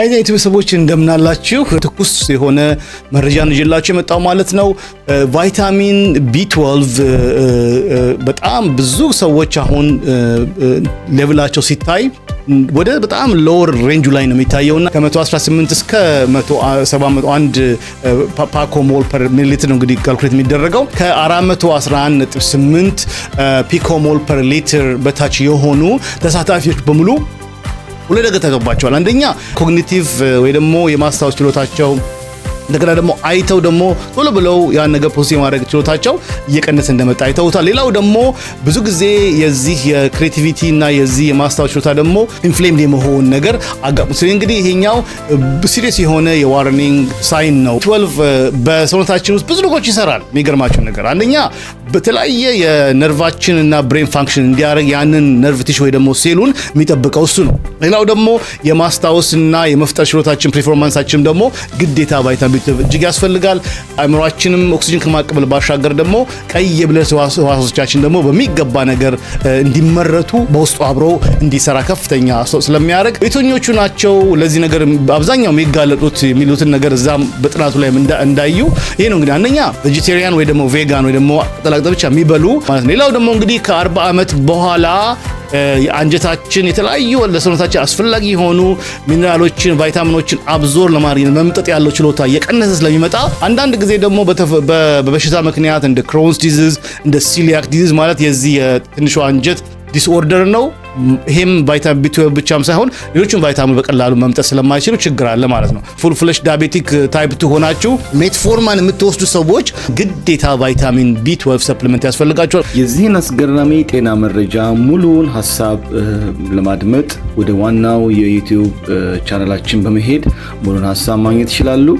አይዘ ዩቲዩብ እንደምናላችሁ ትኩስ የሆነ መረጃን ይዤላችሁ የመጣው ማለት ነው። ቫይታሚን ቢ12 በጣም ብዙ ሰዎች አሁን ሌቭላቸው ሲታይ ወደ በጣም ሎወር ሬንጁ ላይ ነው የሚታየውና ከ118 እስከ 171 ፓኮሞል ፐር ሚሊሊትር ነው እንግዲህ ካልኩሌት የሚደረገው ከ411.8 ፒኮሞል ፐር ሊትር በታች የሆኑ ተሳታፊዎች በሙሉ ሁለት ነገር ተገባቸዋል። አንደኛ ኮግኒቲቭ ወይ ደግሞ የማስታወስ ችሎታቸው እንደገና ደግሞ አይተው ደግሞ ቶሎ ብለው ያን ነገር ፖስት የማድረግ ችሎታቸው እየቀነሰ እንደመጣ አይተውታል። ሌላው ደግሞ ብዙ ጊዜ የዚህ የክሬቲቪቲ እና የዚህ የማስታወስ ችሎታ ደግሞ ኢንፍሌምድ የመሆን ነገር አጋጥሞ እንግዲህ ይሄኛው ሲሪየስ የሆነ የዋርኒንግ ሳይን ነው። ትወልቭ በሰውነታችን ውስጥ ብዙ ነገሮች ይሰራል። የሚገርማቸው ነገር አንደኛ በተለያየ የነርቫችን እና ብሬን ፋንክሽን እንዲያደርግ ያንን ነርቭ ቲሽ ወይ ደግሞ ሴሉን የሚጠብቀው እሱ ነው። ሌላው ደግሞ የማስታወስና የመፍጠር ችሎታችን ፐርፎርማንሳችን ደግሞ ግዴታ ባይታ ምግብ እጅግ ያስፈልጋል። አእምሯችንም ኦክሲጅን ከማቀበል ባሻገር ደግሞ ቀይ የብለት ህዋሶቻችን ደግሞ በሚገባ ነገር እንዲመረቱ በውስጡ አብሮ እንዲሰራ ከፍተኛ አስተዋጽኦ ስለሚያደርግ የትኞቹ ናቸው ለዚህ ነገር አብዛኛው የሚጋለጡት የሚሉትን ነገር እዛም በጥናቱ ላይ እንዳዩ ይህ ነው እንግዲህ አንደኛ ቬጂቴሪያን ወይ ደግሞ ቬጋን ወይ ደግሞ ቅጠላቅጠል ብቻ የሚበሉ ማለት ነው። ሌላው ደግሞ እንግዲህ ከአርባ ዓመት በኋላ የአንጀታችን የተለያዩ ለሰውነታችን አስፈላጊ የሆኑ ሚኔራሎችን፣ ቫይታሚኖችን አብዞር ለማድረግ መምጠጥ ያለው ችሎታ የቀነሰ ስለሚመጣ አንዳንድ ጊዜ ደግሞ በበሽታ ምክንያት እንደ ክሮንስ ዲዝዝ እንደ ሲሊያክ ዲዝዝ ማለት የዚህ የትንሹ አንጀት ዲስኦርደር ነው። ይሄም ቫይታሚን ቢ12 ብቻም ሳይሆን ሌሎችም ቫይታሚን በቀላሉ መምጠት ስለማይችሉ ችግር አለ ማለት ነው። ፉል ፍለሽ ዳቤቲክ ታይፕ 2 ሆናችሁ ሜትፎርማን የምትወስዱ ሰዎች ግዴታ ቫይታሚን ቢ12 ሰፕሊመንት ያስፈልጋቸዋል። የዚህን አስገራሚ ጤና መረጃ ሙሉውን ሀሳብ ለማድመጥ ወደ ዋናው የዩቲዩብ ቻናላችን በመሄድ ሙሉን ሀሳብ ማግኘት ይችላሉ።